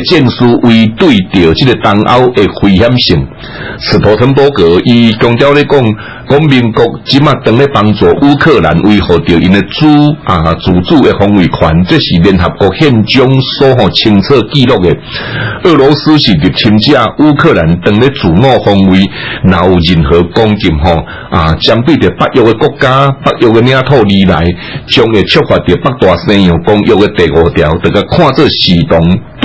證書為對着這個東歐的危險性，斯托滕伯格伊強調咧講，講民國起碼等咧幫助烏克蘭，維護着因咧主啊自主的防衛權？這是聯合國憲章所好清楚記錄嘅。俄羅斯是入侵者，烏克蘭等咧主傲防衛，若有任何攻擊吼啊？將被着北約嘅國家、北約嘅領土而來，將會觸發着北大西洋公約嘅第五條，這個看作行動。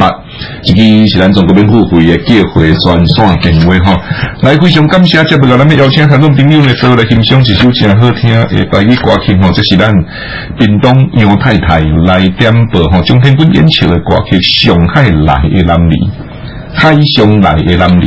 啊，自己是咱中國民富會嘅繳費轉送電話吼、哦，來非常感謝，接下來咱們邀請聽眾朋友呢收來欣賞一首真好聽，誒，台語歌曲吼、哦，這是咱叮咚楊太太來點播吼，今天不演唱嘅歌曲《上海來的男女》，《海上來嘅男女》。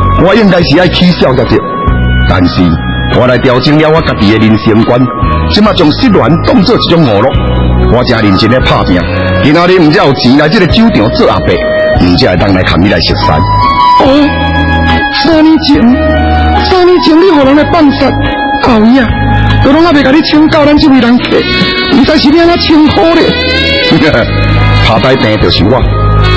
我應該是愛起笑得着，但是我來調整了我家己的人生觀，即馬將失戀當作一種娛樂，我正認真來拍拼。今仔日唔知有錢來這個酒店做阿伯，唔知來當來看你來食哦，三年前，三年前你互人來辦殺，搞伊啊！我攏阿未甲你請教咱這位人客，唔知道是你安怎稱呼的。哈哈，拍台面就是我。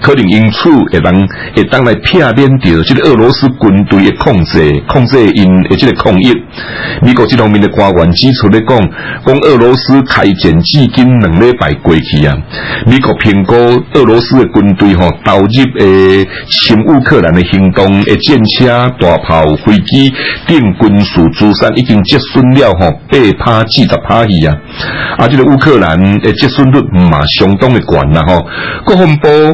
可能因此會當會當來避免掉，即個俄羅斯軍隊控制控制因，而且個抗議。美國這方面嘅官員指出，嚟講，講俄羅斯開戰至今兩禮拜過去啊。美國評估俄羅斯嘅軍隊吼、哦，投入誒侵烏克蘭嘅行動，誒戰車、大炮飛、飛機、定軍事資產已經折損了吼、哦，百趴幾十趴去啊。啊，即、這個烏克蘭誒折損率唔係相當嘅懸啊吼，國防部。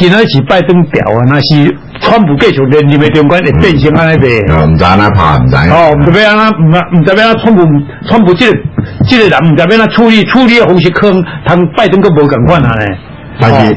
今仔是拜登掉啊，若是川普繼續連任，連官也變成安尼的。啊、嗯，唔知安怎拍，唔、嗯、知。哦，特別啊，唔啊，唔特別啊，川普川普即個即、這個人，唔特別啊處理處理的方式腔，同拜登閣無共款啊嘞。但是。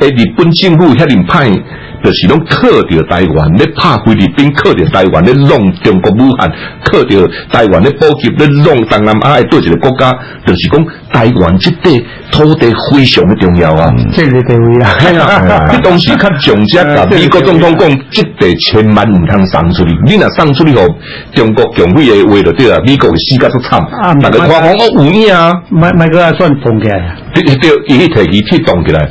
被日本政府遐爾歹著是攏克着台灣，咧拍菲律賓克着台灣，咧弄中國武漢克着台灣，咧攻擊咧弄東南亞誒叨一個國家，著、就是講台灣即塊土地非常的重要、嗯、 啊。即個地位啊，你、啊、 當時較蔣介石啊，美國總統講即塊千萬毋通送出去，你若送出去後，中國強威誒話著對啊，美國誒世界都慘。啊，唔、哦，我有影啊？唔唔，佮佮算凍結啊？對著伊經提伊啟動起來。就啊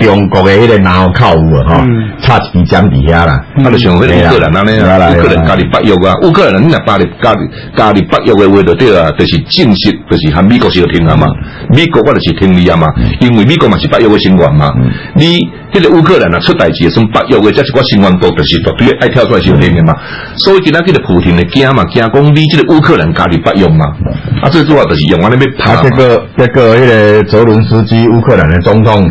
中國嘅迄個鬧靠啊，哈，差一點底下了。啊，烏克蘭烏克蘭加入北約啊，烏克蘭你啊，加入加入加入北約嘅話就對啊，就是正式就是和美國是要聽啊嘛，美國我就是聽你啊嘛，因為美國嘛是北約嘅成員嘛，你迄個烏克蘭啊出代誌也算北約嘅，再是我成員國就是絕對愛跳出來新聞嘅嘛。所以今仔日普京嘅驚嘛，驚講你這個烏克蘭加入北約嘛，啊最主要就是用我那邊。拍這個這個迄個澤倫斯基烏克蘭嘅總統。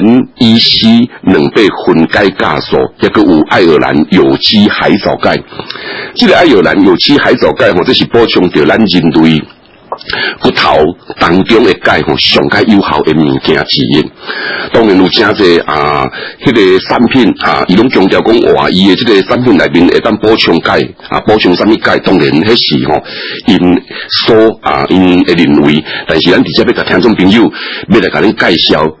依稀兩貝分解加速，抑閣有愛爾蘭有機海藻鈣。這個愛爾蘭有機海藻鈣，或者是補充到咱人類骨頭當中嘅鈣，吼，上較有效嘅物件之一。當然有真濟啊，佢、呃那個產品啊，伊、呃、攏強調講話，伊個即個產品內面會當補充鈣啊，補充啥物鈣？當然係是吼，因說啊，因會認為。但是咱直接要甲聽眾朋友要來甲你介紹。